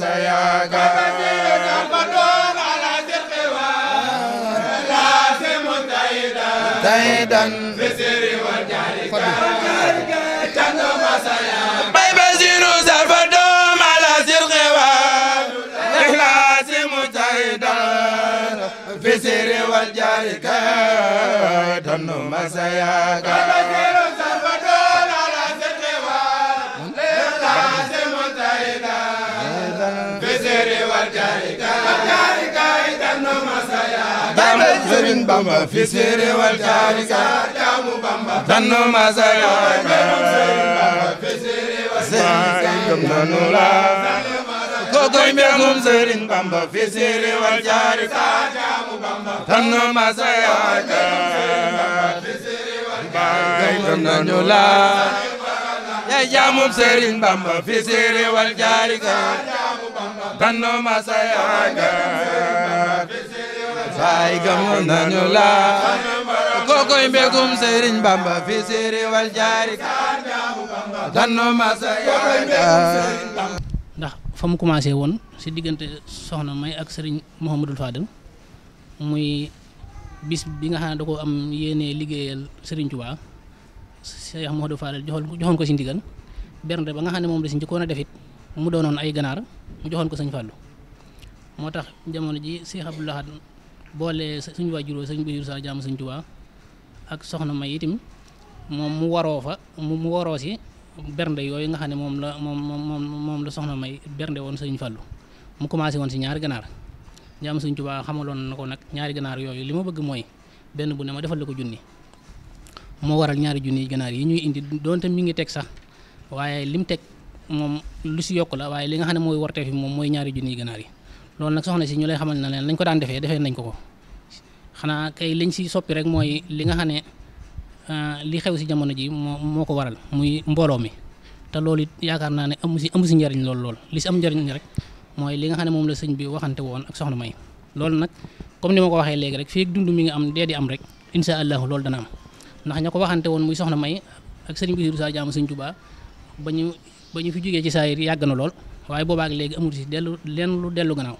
دايدان بسيري والجاري تنو مسايا باي بزينو زرف دوم على سرقوا إخلاص مجاهدا بسيري والجاري تنو مسايا Sëriñ Bamba fi séeré wal taarika jaamu Bamba danno masal gëm nanu la kokoy mbégum Sëriñ Bamba fi séeré wal taarika jaamu Bamba danno masal gëm nanu la yaay jaamu Sëriñ Bamba fi séeré wal taarika danno masal faay gëm nañu la kookoy mbégum Sëriñ Bamba fi séeré wal jaari danno masa ndax fa mu commencé woon si diggante soxna may ak Sëriñ moo Mouhamadul Fadel muy bis bi nga xam ne da ko am yéenee liggéeyal Sëriñ Tuubaa Cheikh Mouhamadou Fadel joxoon ko si ndigal bernde ba nga xam ne moom la si njëkkoon a defit mu doonoon ay ganaar mu joxoon ko sëñ Fallou moo tax jamono ji Cheikh Abdoul boole suñu waajuroo sëñ Bassirou Sarr jaamu sëñ Tuubaa ak soxna May itam moom mu waroo fa mu mu waroo si bernde yooyu nga xam ne moom la moom moom moom la soxna May bernde woon sëñ Fallou mu commencé woon si ñaari ganaar jaamu sëñ Tuubaa xamaloon na ko nag ganaar yooyu li ma bëgg mooy benn bu ne ma defal la ko junni moo waral ñaari junni ganaar yi ñuy indi donte mi ngi teg sax waaye lim teg moom lu si yokk la waaye li nga xam ne mooy wartee fi moom mooy ñaari junni ganaar yi. loolu nag soxna si ñu lay xamal na leen lañ ko daan defee defee nañ ko ko xanaa kay liñ si soppi rek mooy li nga xam ne euh, li xew si jamono ji moo moo ko waral muy mbooloo mi te loolu it yaakaar naa ne amu si amu si njariñ lool lool li si am njariñ rek mooy li nga xam ne moom la sëñ bi waxante woon ak soxna May lool nag comme ni ma ko waxee léegi rek fii ak dund mi nga am dee di am rek incha allahu loolu dana am ndax ña ko waxante woon muy soxna May ak sëriñ bi Saa jaamu sëñ Tuubaa ba ñu ba ñu fi jógee ci saa yir yàgg na lool waaye boobaak léegi amul si dellu leen lu dellu gannaaw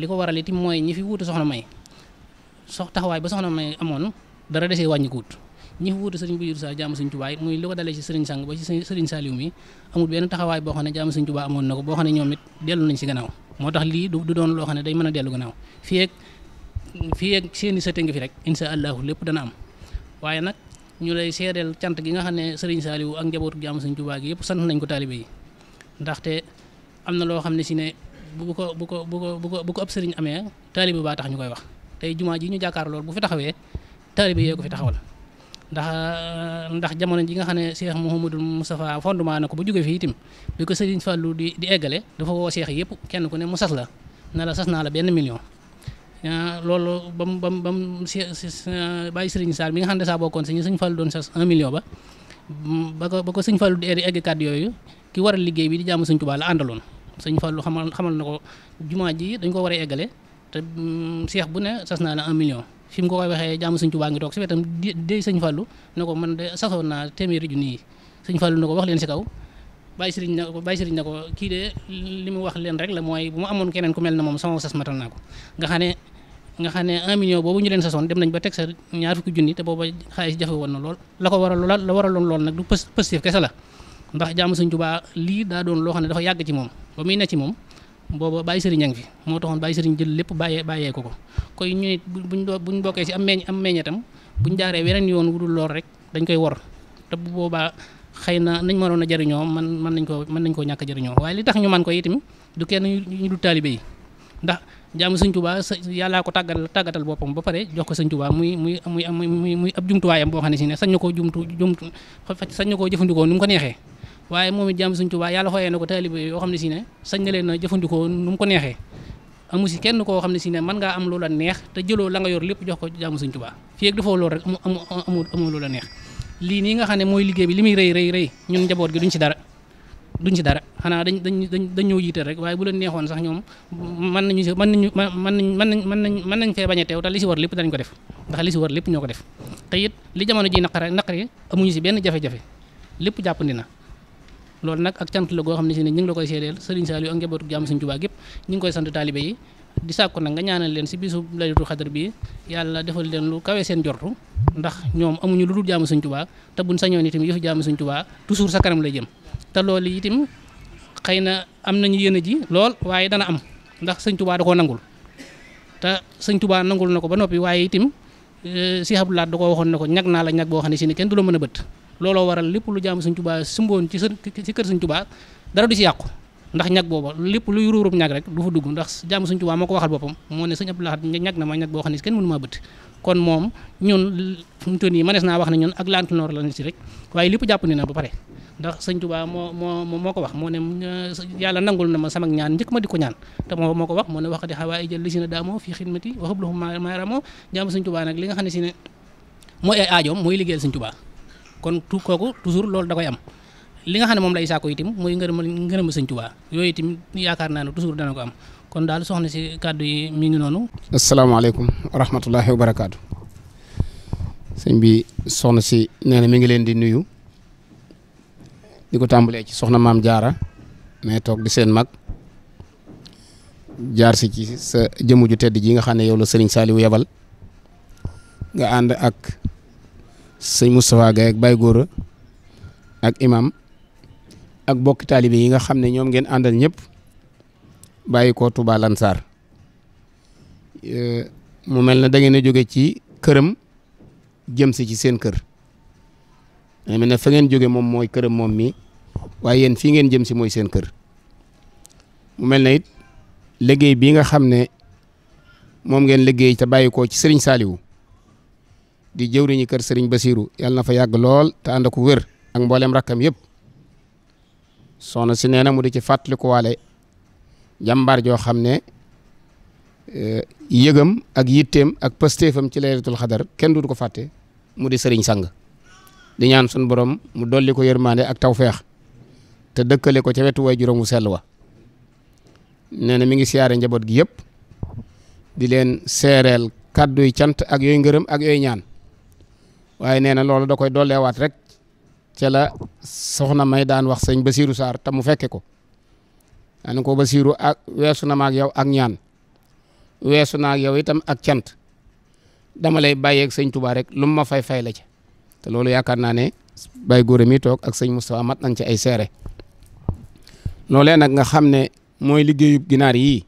li ko waral itam mooy ñi fi wuutu soxna may sox taxawaay ba soxna may amoon dara desee wàññi ko wut ñi fi wuutu sëriñ bu jur saa jaamu sëriñ Tuubaa it muy li ko dalee ci sëriñ Sang ba ci sëriñ Saliou mi amul benn taxawaay boo xam ne jaamu sëriñ Tuubaa amoon na ko boo xam ne ñoom it dellu nañ si gannaaw moo tax lii du doon loo xam ne day mën a dellu gannaaw fii ak fii ak seeni sa ngi fi rek insha allahu lépp dana am waaye nag ñu lay seedeel cant gi nga xam ne sëriñ Saliou ak njabootu jaamu sëriñ Tuubaa gi yëpp sant nañ ko taalibe yi ndaxte am na loo xam ne si ne bu ko bu ko bu ko bu ko sëriñ amee taalibe baa tax ñu koy wax tey jumaa ji ñu jàkkaar bu fi taxawee taalibe yee ko fi taxawal ndax euh, ndax jamono ji nga xam ne Cheikh Mouhamadou Moustapha fondement na ko ba jóge fii itam bi ko sëriñ Fallou di di eggale dafa woo yëpp kenn ku ne mu sas la ne sas naa la benn million euh, loolu ba mu ba mu ba mu euh, bàyyi sëriñ Sall bi nga xam ne saa bokkoon si ñu sëñ Fallou doon sas un million ba ba ko ba ko sëñ Fallou di egg kàddu yooyu ki war a liggéey bi di jàmm sëñ Tuubaa la àndaloon sëñ Fallou xamal xamal na ko jumaa ji dañ ko war a eggale te mm, seex bu ne sas naa la un million fi mu ko koy waxee jaamu sëñ Tuubaa ngi toog si wetam dey sëñ Fallou ne ko man de sasoon naa téeméeri junni yi sëñ Fallou na ko wax leen si kaw bàyyi sëriñ na ko bàyyi sëriñ na ko kii de li mu wax leen rek la mooy bu mu amoon keneen ku mel na moom sama sas matal naa ko nga xam ne nga xam ne un million boobu ñu leen sasoon dem nañ ba teg sa ñaar fukki junni te booba xaalis jafe woon na lool la ko waral la waraloon lool nag du ndax jaamu sëñ Tuubaa lii daa doon loo xam ne dafa yàgg ci moom ba muy ne ci moom booba bàyyi sëriñ a ngi fi moo taxoon bàyyi lépp bàyyee bàyyee ko ko koy ñu nit buñ buñ bokkee si am meñ am meññetam buñ jaaree weneen yoon wu wudul lool rek dañ koy wor te bu boobaa xëy na nañ mënoon a jëriñoo man mën nañ koo mën nañ koo ñàkk jëriñoo waaye li tax ñu man ko itam du kenn ñu du taalibe yi ndax jaamu sëñ Tuubaa yàllaa ko tàggal tàggatal boppam ba pare jox ko sëñ Tuubaa muy muy muy muy ab jumtuwaayam boo xam ne si ne sañ na koo jumtu jumtu sañ na ko jëfandikoo ni mu ko neexee waaye moom it jàmm suñ Tuubaa yàlla xooyee na ko taalibe yoo xam ne si ne sañ na leen a jëfandikoo mu ko neexee amu si kenn koo xam ne si ne mën ngaa am loola neex te jëloo la nga yor lépp jox ko jàmm suñ Tuubaa fii ak defoo loolu rek amu amu amu loola neex lii nii nga xam ne mooy liggéey bi li muy rëy rëy rëy ñun njaboot gi duñ ci dara duñ ci dara xanaa dañ dañ dañ dañoo jiital rek waaye bu leen neexoon sax ñoom mën nañu si mën nañu mën nañ mën nañ mën nañ mën nañ fee bañ a teew si war lépp danañ ko def ndax li si war lépp ñoo def te li jamono ji naqare naqare amuñu si benn jafe-jafe lépp jàppandi na loolu nag ak cant la goo xam ne si ne ñu ngi la koy seedeel Serigne Saliou ak njabootu jàmm Serigne gépp ñu koy sant taalibe yi di sàkku nag nga ñaanal leen si bisu laylatul xadar bi yàlla defal leen lu kawe seen jortu ndax ñoom amuñu lu dul jaamu Serigne Touba te buñ sañoon itam yëfu jaamu Serigne Touba toujours sa kanam lay jëm te lool itam xëy na am nañu yéen a ji lool waaye dana am ndax Serigne Touba da koo nangul te Serigne Touba nangul na ko ba noppi waaye itam si eh, xabulaat da koo waxoon na ko ñag naa la ñag xam ne si ne kenn du mën a bëtt looloo waral lépp lu jaamu Sëñ Tuubaa sumboon ci sa ci kër sañ Tuubaa dara du ci yàqu ndax ñag booba lépp luy ruurub ñag rek du fa dugg ndax jaamu Sëñ Tuubaa moo ko waxal boppam moo ne Sëñ Abdou Lahad ñag na ne kenn mënu maa bëtt moom ñun fu mu toll nii mënees naa wax ne ñun ak lantinoor la ci rek waaye lépp jàpp ni na ba pare ndax sëñ Tuubaa moo moo moo ko wax moo ne yàlla nangul na ma sama ñaan njëkk ma di ko ñaan te moo moo ko wax moo ne waxati xawaa i jël li si ne daamoo fii xidmati waxab lahu maaramo jaamu sëñ Tuubaa nag li nga xam ne si ne mooy ay aajoom mooy liggéeyal sëñ Tuubaa kon tu kooku toujours loolu da koy am li nga xam ne moom lay saako itam mooy ngërëm ngërëm sëñ Tuubaa yooyu itam yaakaar naa ne toujours ko am kon daal soxna si kàddu yi mi ngi noonu. asalaamaaleykum wa rahmatullahi wa sëñ bi soxna si mi ngi leen di nuyu di ko tàmbalee ci soxna maam jaara mais toog di seen mag jaar si ci sa jëmm ju tedd ji nga xam ne yow la saaliwu Saliou yebal nga ànd ak. sëñ Moustapha Gaye ak Baye Gora ak imam ak bokki taalibe yi nga xam ne ñoom ngeen àndal ñëpp bàyyi ko Touba Lansar euh, mu mel na dangeen a jóge ci këram jëm si ci seen kër ma mel ne fa ngeen jóge moom mooy këram moom mi waaye yéen fii ngeen jëm si mooy seen kër mu mel na it liggéey bii nga xam ne moom ngeen liggéey te bàyyi ko ci Serigne Saliou di jëwriñu kër Serigne Basirou yàlla na fa yàgg lool te ànd ak wér ak mboolem rakkam yëpp soxna si nee na mu di ci fàttaliku waale jàmbaar joo xam ne eh, yëgam ak yitteem ak pësteefam ci laylatul xadar kenn du ko fàtte mu di Serigne Sang di ñaan sun borom mu dolli ko yërmande ak tawféex te dëkkale ko ca wetu way juróom wu sell wa nee na mi ngi siyaare njaboot gi yëpp di leen seereel yi cant ak yooyu ngërëm ak yooyu ñaan waaye nee na loolu da koy dolleewaat rek ca la soxna may daan wax sëñ Basiirou Sarr te mu fekke ko daanaka ko Basiirou ak ah, weesu na ma ak yow ak ñaan weesu na ak yow itam ak cant dama lay bàyyeeg sëñ Touba rek lu ma fay fay la ca te loolu yaakaar naa ne Baye Góore mi toog ak sëñ Moustapha mat nañ ci ay seere loole nag nga xam ne mooy liggéeyub ginaar yii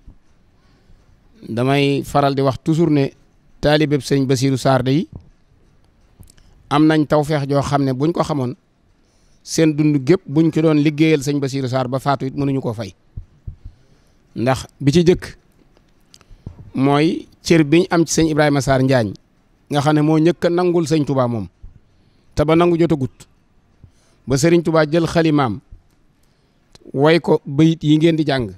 damay faral di wax toujours ne taalibeb sëñ Basiirou Sarr de yi am nañ tawfeex joo xam ne buñ ko xamoon seen dund gépp buñ ko doon liggéeyal sëñ Basiiru Saar ba faatu it mënuñu koo fay ndax bi ci jëkk mooy cër biñ am ci sëñ Ibrahima Saar Njaañ nga xam ne moo njëkk a nangul sëñ tubaa moom te ba nangu jotagut ba sëriñ tubaa jël xalimaam way ko bayit yi ngeen di jàng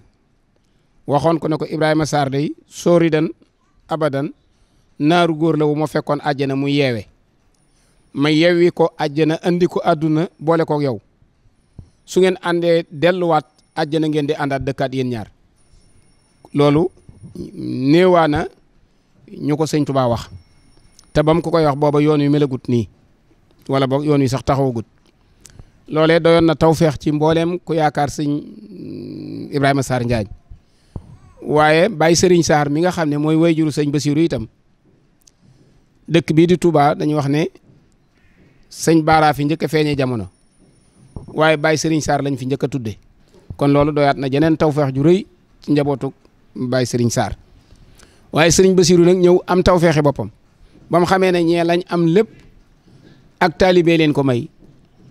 waxoon ko ne ko Ibrahima Saar day sóori dan abadan naaru góor la wu ma fekkoon àjjana mu yeewe ma yewwi ko àjjana andi ko àdduna boole ko yow su ngeen àndee delluwaat àjjana ngeen di àndaat dëkkaat yéen ñaar loolu néewaana ñu ko sëñ Tuubaa wax te bam ko koy wax booba yoon yu melagut nii wala boog yoon wi sax taxawagut loolee doyoon na taw feex ci mbooleem ku yaakaar sëñ Ibrahima Sarr Njaañ waaye Baye sëriñ saar mi nga xam ne mooy wayjuru sëñ Basiru itam dëkk bii di Touba dañuy wax ne sëñ Baara fi njëkk a feeñee jamono waaye Baye sëriñ saar lañ fi njëkk a tudde kon loolu doyaat na jeneen tawfeex ju rëy ci njabootu Baye sëriñ saar waaye Serigne Bassirou nag ñëw am tawfeexi boppam ba mu xamee ne ñee lañ am lépp ak taalibee leen ko may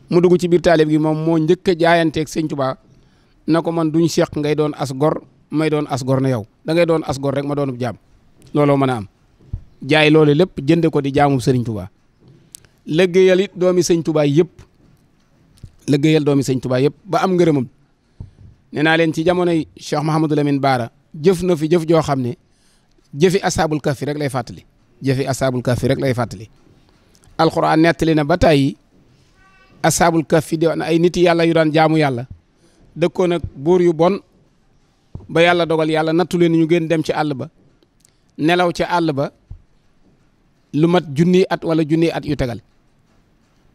mu dugg ci biir taalib gi moom moo njëkk a jaayanteeg sëñ Touba na ko man duñ seq ngay doon as gor may doon as gor na yow dangay doon as gor rek ma doonub jaam looloo mën a am jaay loolu lépp jënd ko di jaamum Serigne Touba. liggéeyal it doomi sëñ Tuubaa yëpp liggéeyal doomi sëñ Tuubaa yëpp ba am ngërëmam nee naa leen ci jamonoy Cheikh Mouhamadou Lamine Baara jëf na fi jëf joo xam ne jëfi assabul kafi rek lay fàttali jëfi asaabul kafi rek lay fàttali alxuraan nettali na ba tàyyi assabul kafi di na ay nit yàlla yu daan jaamu yàlla dëkkoon ak buur yu bon ba yàlla dogal yàlla nattu leen ñu génn dem ci àll ba nelaw ci àll ba lu mat junni at wala junni at yu tegal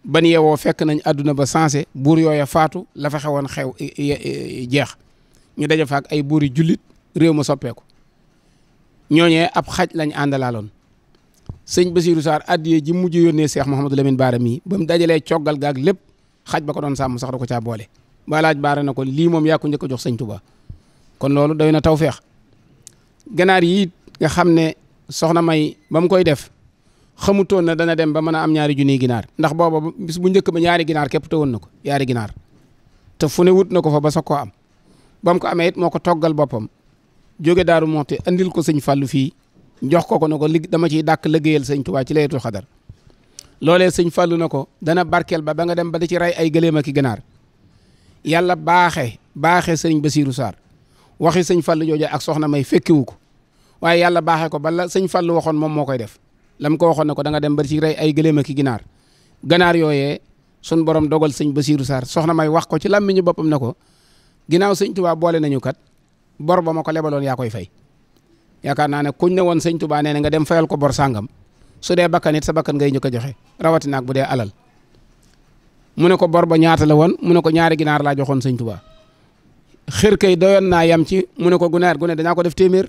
ban yeewoo fekk nañ àdduna ba sensé buur yooya faatu la fa xew jeex ñu daje fa ak ay buuri jullit réew ma soppeeku ñooñee ab xaj lañ àndalaaloon sëñ Basiirou Sarr yee ji mujj yónnee Seex Mouhamadou Lamine Baara mii ba mu dajalee coggal gaag lépp xaj ba ko doon sàmm sax da ko caa boole ba laaj baara na ko lii moom yaa ko njëkk a jox sëñ Touba kon loolu doy na taw feex ganaar yi nga xam ne soxna May ba koy def. xamutoon na dana dem ba mën a am ñaari junniy ginaar ndax booba bis bu njëkk ba ñaari ginaar képp te woon na ko ñaari ginaar te fu ne wut na ko fa ba sa koo am ba mu ko amee it moo ko toggal boppam jóge daaru moxti andil ko sëñ fàllu fii njox ko ko na ko li dama ciy dàkk liggéeyal sëñ tubaa ci layetul xadar loolee sëñ fàllu na ko dana barkeel ba ba nga dem ba di ci rey ay gëléem ak i ginaar yàlla baaxe baaxe sëñ Basiiru Saar waxi sëñ fàllu jooju ak soxna may fekkiwu ko waaye yàlla baaxee ko bala sëñ fàllu waxoon moom moo koy def lam ko waxoon ne ko danga dem ba ci rey ay gëléem ak ginaar ganaar yooye sun borom dogal sëñ Basiiru Sarr soxna may wax ko ci làmmiñu boppam na ko ginnaaw sëñ Tuubaa boole nañu kat bor ba ma ko lebaloon yaa koy fay yaakaar naa ne kuñ ne woon sëñ Tuubaa nee nga dem fayal ko bor sàngam su dee bakkan sa bakkan ngay ñu ko joxe rawatina bu dee alal mu ne ko bor ba ñaata la woon mu ne ko ñaari ginaar laa joxoon sëñ Tuubaa xër kay doyoon naa yam ci mu ne ko gunaar gu ne dañaa ko def téeméer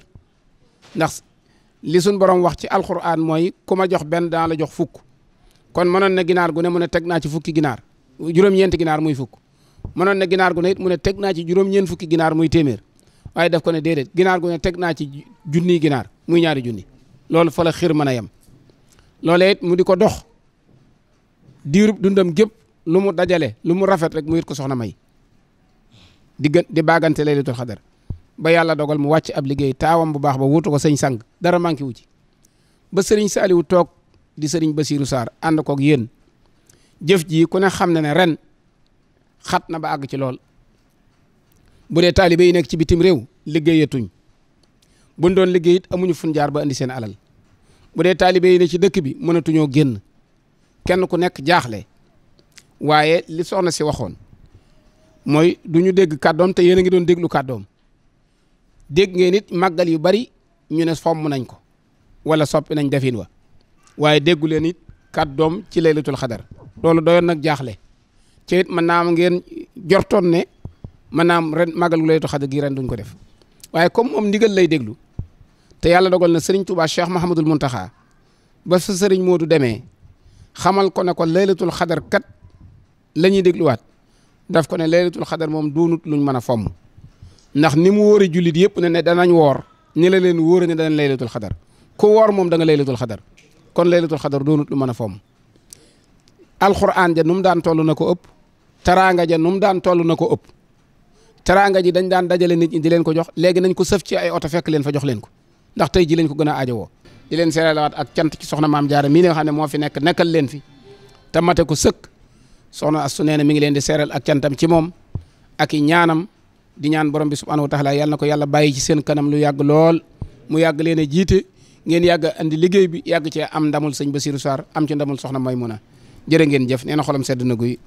li suñ borom wax ci alxuraan mooy ku ma jox benn dana la jox fukk kon mënoon na ginaar gu ne mu ne teg naa ci fukki ginaar juróom-ñeenti ginaar muy fukk mënoon na ginaar gu ne mu ne teg naa ci juróom-ñeent fukki muy téeméer waaye daf ko ne déedéet ginaar gu ne teg naa ci junni ginaar muy ñaari junni loolu fa la xir mën a yem loolee it mu di ko dox diirub dundam gépp lu mu dajale lu mu rafet rek mu it ko soxna may di gën di baagante laylatul xadar ba yàlla dogal mu wàcc ab liggéey taawam bu baax ba wutu ko sëñ sang dara manqué wu ci ba sëriñ Saliou toog di sëriñ Basirou Sarr ànd koog yéen jëf ji ku ne xam na ne ren xat na ba àgg ci lool bu dee taalibe yi nekk ci bitim réew liggéeyatuñ buñ doon liggéey it amuñu fun jaar ba indi seen alal bu dee taalibe yi ne ci dëkk bi mënatuñoo génn kenn ku nekk jaaxle waaye li soxna si waxoon mooy du ñu dégg kàddoom te yéen a ngi doon déglu kàddoom. dégg ngeen it màggal yu bari ñu ne fomm nañ ko wala soppi nañ defin wa waaye déggu leen it doom ci laylatul xadar loolu doyoon nag jaaxle ci it mën naa ngeen jortoon ne mën naa ren màggal gu laylatul xadar gi ren duñ ko def waaye comme moom ndigal lay déglu te yàlla dogal na sëriñ Touba Cheikh Mahamadul Muntaxa ba sa sëriñ Moodu demee xamal ko ne ko laylatul xadar kat la ñuy dégluwaat daf ko ne laylatul xadar moom doonut luñ mën a fomm ndax ni mu wóore jullit yëpp ne ne danañ woor ni la leen wóore ne danañ laylatul xadar ku woor moom da nga laylatul xadar kon laylatul xadar doonut lu mën a fomm alxuraan ja nu mu daan tollu na ko ëpp taraanga ja nu daan tollu na ko ëpp teraanga ji dañ daan dajale nit ñi di leen ko jox léegi nañ ko sëf ci ay oto fekk leen fa jox leen ko ndax tey ji lañ ko gën a aajowoo di leen seeralawaat ak cant ci soxna maam jaara mii nga xam ne moo fi nekk nekkal leen fi te mate ko sëkk soxna astu nee na mi ngi leen di seeral ak cantam ci moom ak i ñaanam di ñaan borom bi subhaanahu wa taala yàlla na ko yàlla bàyyi ci seen kanam lu yàgg lool mu yàgg leen a jiite ngeen yàgg andi liggéey bi yàgg cee am ndamul sëñ Bassirou Sarr am ci ndamul soxna Maymuna jërë ngeen jëf neena na sedd na guy